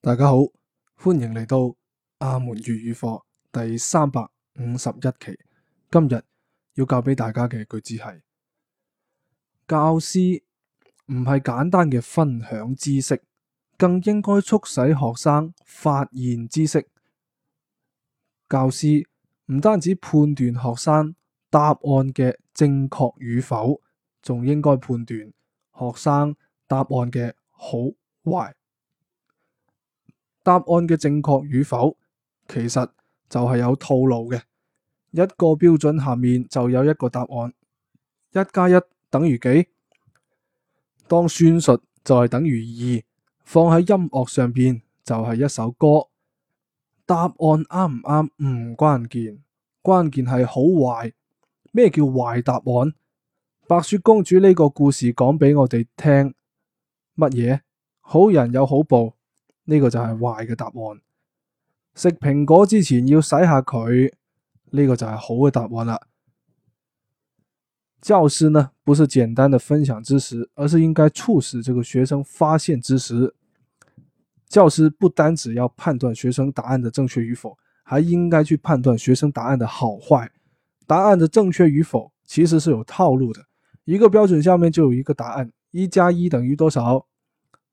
大家好，歡迎嚟到阿門粵語課第三百五十一期。今日要教俾大家嘅句子係：教師唔係簡單嘅分享知識，更應該促使學生發現知識。教師唔單止判斷學生答案嘅正確與否，仲應該判斷學生答案嘅好壞。答案嘅正確與否，其實就係有套路嘅。一個標準下面就有一個答案。一加一等於幾？當算術就係等於二。放喺音樂上邊就係一首歌。答案啱唔啱唔關鍵，關鍵係好壞。咩叫壞答案？白雪公主呢個故事講俾我哋聽乜嘢？好人有好報。呢個就係壞嘅答案。食蘋果之前要洗下佢，呢個就係好嘅答案啦。教師呢，不是簡單的分享知識，而是應該促使這個學生發現知識。教師不單只要判斷學生答案的正確與否，還應該去判斷學生答案的好壞。答案的正確與否，其實是有套路的，一個標準下面就有一個答案。一加一等於多少？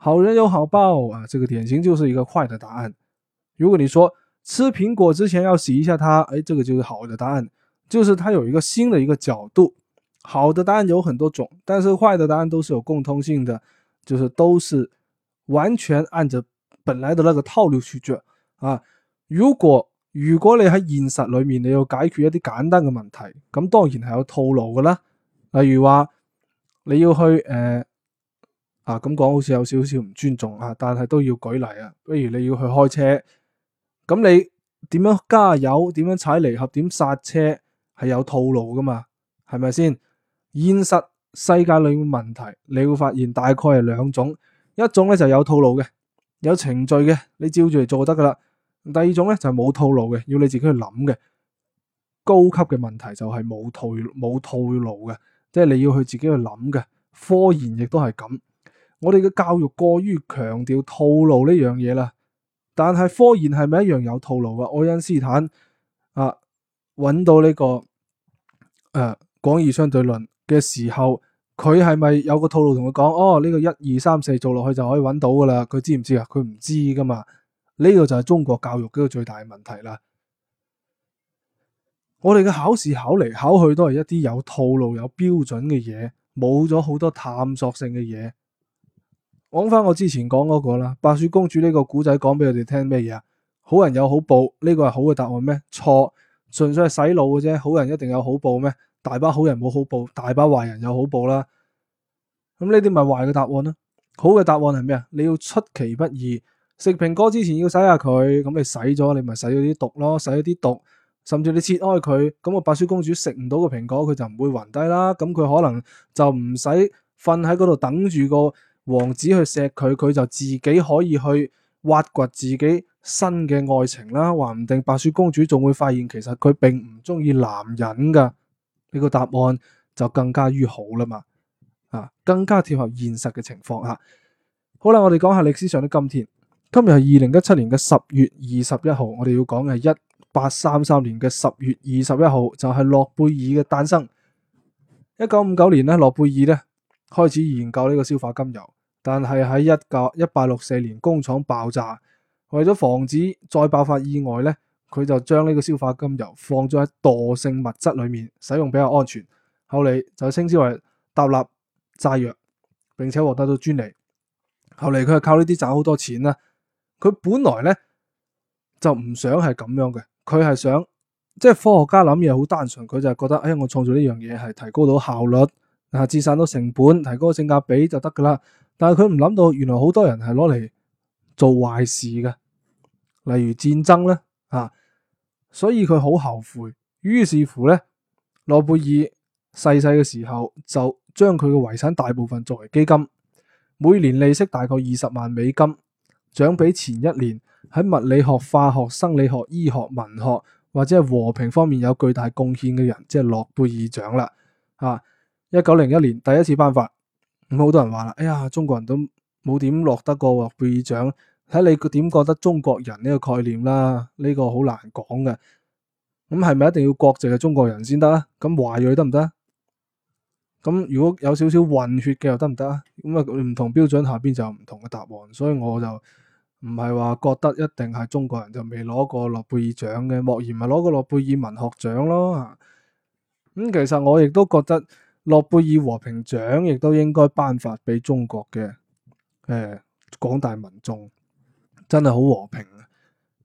好人有好報啊！這個典型就是一個壞的答案。如果你說吃蘋果之前要洗一下它，哎，這個就是好的答案，就是它有一個新的一個角度。好的答案有很多種，但是壞的答案都是有共通性的，就是都是完全按着本來的那個套路去做啊。如果如果你喺現實裏面你要解決一啲簡單嘅問題，咁當然係有套路噶啦。例如話你要去誒。呃啊，咁講好似有少少唔尊重啊，但係都要舉例啊。不如你要去開車，咁你點樣加油？點樣踩離合？點煞車係有套路噶嘛？係咪先？現實世界裏面問題，你會發現大概係兩種，一種咧就係有套路嘅，有程序嘅，你照住嚟做就得噶啦。第二種咧就係冇套路嘅，要你自己去諗嘅。高級嘅問題就係冇套冇套路嘅，即係你要去自己去諗嘅。科研亦都係咁。我哋嘅教育過於強調套路呢樣嘢啦，但係科研係咪一樣有套路啊？愛因斯坦啊，揾到呢、這個誒、啊、廣義相對論嘅時候，佢係咪有個套路同佢講？哦，呢、這個一二三四做落去就可以揾到噶啦，佢知唔知啊？佢唔知噶嘛，呢、這個就係中國教育嘅一個最大問題啦。我哋嘅考試考嚟考去都係一啲有套路、有標準嘅嘢，冇咗好多探索性嘅嘢。講翻我之前講嗰個啦，白雪公主呢個古仔講俾佢哋聽咩嘢啊？好人有好報呢個係好嘅答案咩？錯，純粹係洗腦嘅啫。好人一定有好報咩？大把好人冇好報，大把壞人有好報啦。咁呢啲咪壞嘅答案咯？好嘅答案係咩啊？你要出其不意，食蘋果之前要洗下佢，咁你洗咗，你咪洗咗啲毒咯，洗咗啲毒，甚至你切開佢，咁個白雪公主食唔到個蘋果，佢就唔會暈低啦。咁佢可能就唔使瞓喺嗰度等住個王子去錫佢，佢就自己可以去挖掘自己新嘅愛情啦。話唔定白雪公主仲會發現其實佢並唔中意男人噶。呢個答案就更加於好啦嘛，啊，更加貼合現實嘅情況嚇。好啦，我哋講下歷史上嘅今天。今日係二零一七年嘅十月二十一號，我哋要講嘅係一八三三年嘅十月二十一號，就係諾貝爾嘅誕生。一九五九年咧，諾貝爾呢開始研究呢個消化甘油。但係喺一九一八六四年工廠爆炸，為咗防止再爆發意外咧，佢就將呢個硝化甘油放咗喺惰性物質裏面使用，比較安全。後嚟就稱之為搭立炸藥，並且獲得咗專利。後嚟佢係靠呢啲賺好多錢啦。佢本來咧就唔想係咁樣嘅，佢係想即係、就是、科學家諗嘢好單純，佢就係覺得，哎，我創造呢樣嘢係提高到效率，啊，節省到成本，提高個性價比就得噶啦。但係佢唔諗到，原來好多人係攞嚟做壞事嘅，例如戰爭咧，啊！所以佢好後悔。於是乎咧，諾貝爾逝世嘅時候就將佢嘅遺產大部分作為基金，每年利息大概二十萬美金，獎俾前一年喺物理學、化學、生理學、醫學、文學或者係和平方面有巨大貢獻嘅人，即係諾貝爾獎啦。啊！一九零一年第一次頒發。咁好多人話啦，哎呀，中國人都冇點落得個諾貝爾獎，睇你點覺得中國人呢個概念啦？呢個好難講嘅。咁係咪一定要國籍嘅中國人先得啊？咁華裔得唔得？咁如果有少少混血嘅又得唔得啊？咁啊唔同標準下邊就有唔同嘅答案，所以我就唔係話覺得一定係中國人就未攞過諾貝爾獎嘅，莫言咪攞過諾貝爾文學獎咯。咁、嗯、其實我亦都覺得。諾貝爾和平獎亦都應該頒發俾中國嘅誒廣大民眾，真係好和平啊！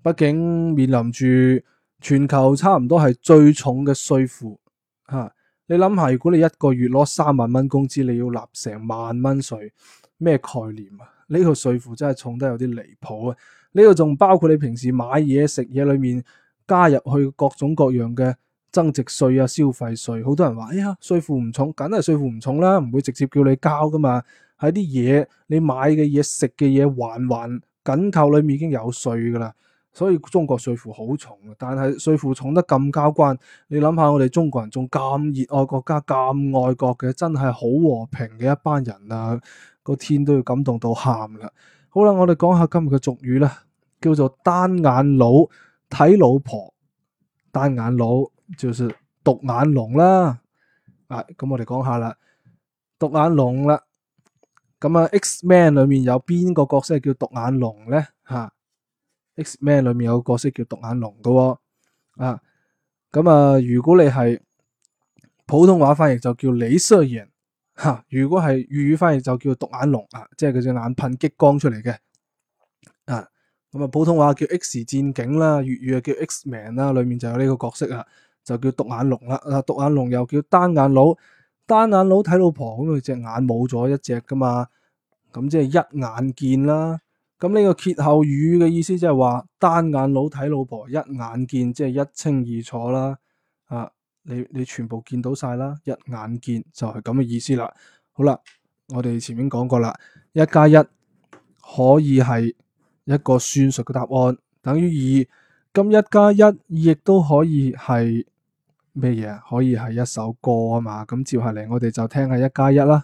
畢竟面臨住全球差唔多係最重嘅稅負嚇，你諗下，如果你一個月攞三萬蚊工資，你要納成萬蚊稅，咩概念啊？呢個稅負真係重得有啲離譜啊！呢個仲包括你平時買嘢食嘢裡面加入去各種各樣嘅。增值稅啊，消費稅，好多人話，哎呀，稅負唔重，梗係稅負唔重啦，唔會直接叫你交噶嘛，喺啲嘢，你買嘅嘢、食嘅嘢，環環緊扣裏面已經有稅噶啦，所以中國稅負好重，但係稅負重得咁交關，你諗下我哋中國人仲咁熱愛國家、咁愛國嘅，真係好和平嘅一班人啊，個天都要感動到喊啦。好啦，我哋講下今日嘅俗語啦，叫做單眼佬睇老婆，單眼佬。就是獨眼龍啦，啊，咁我哋講下啦，獨眼龍啦，咁啊 Xman 裏面有邊個角色係叫獨眼龍咧？吓，啊，Xman 裏面有個角色叫獨眼龍噶，哦，啊，咁啊如果你係普通話翻譯就叫鐳射眼，吓、啊，如果係粵語翻譯就叫獨眼龍啊，即係佢隻眼噴激光出嚟嘅，啊，咁啊普通話叫 X 戰警啦，粵語啊叫 Xman 啦，裏面就有呢個角色啊。就叫獨眼龍啦，啊，獨眼龍又叫單眼佬，單眼佬睇老婆，咁佢隻眼冇咗一隻噶嘛，咁即係一眼見啦，咁呢個歇後語嘅意思即係話單眼佬睇老婆一眼見，即係一清二楚啦，啊你你全部見到晒啦，一眼見就係咁嘅意思啦。好啦，我哋前面講過啦，一加一可以係一個算術嘅答案等於二，咁一加一亦都可以係。咩嘢可以係一首歌啊嘛？咁、嗯、接下嚟我哋就聽下一加一啦。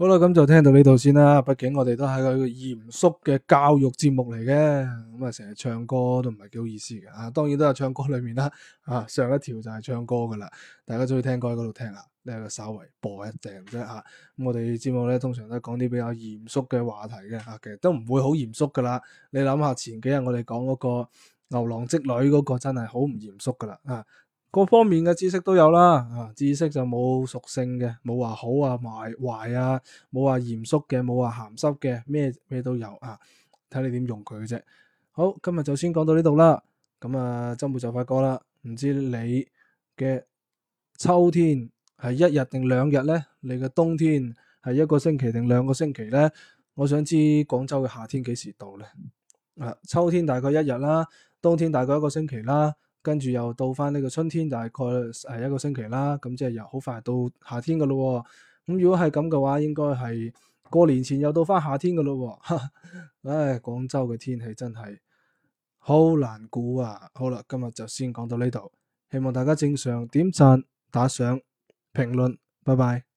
好啦，咁就聽到呢度先啦。畢竟我哋都係一個嚴肅嘅教育節目嚟嘅，咁啊成日唱歌都唔係幾好意思嘅啊。當然都有唱歌裏面啦，啊上一條就係唱歌噶啦。大家中意聽歌喺嗰度聽下，呢個稍微播一陣啫吓。咁、啊嗯、我哋節目咧通常都講啲比較嚴肅嘅話題嘅吓、啊，其實都唔會好嚴肅噶啦。你諗下前幾日我哋講嗰個牛郎織女嗰、嗰個真係好唔嚴肅噶啦啊。各方面嘅知識都有啦，啊，知識就冇屬性嘅，冇話好啊，壞壞啊，冇話嚴肅嘅，冇話鹹濕嘅，咩咩都有啊，睇你點用佢嘅啫。好，今日就先講到呢度啦。咁啊，周末就快過啦。唔知你嘅秋天係一日定兩日咧？你嘅冬天係一個星期定兩個星期咧？我想知廣州嘅夏天幾時到咧？啊，秋天大概一日啦，冬天大概一個星期啦。跟住又到翻呢個春天，大概係一個星期啦，咁即係又好快到夏天㗎喇。咁如果係咁嘅話，應該係過年前又到翻夏天㗎喇。 唉，廣州嘅天氣真係好難估啊。好啦，今日就先講到呢度，希望大家正常點讚、打賞、評論，拜拜。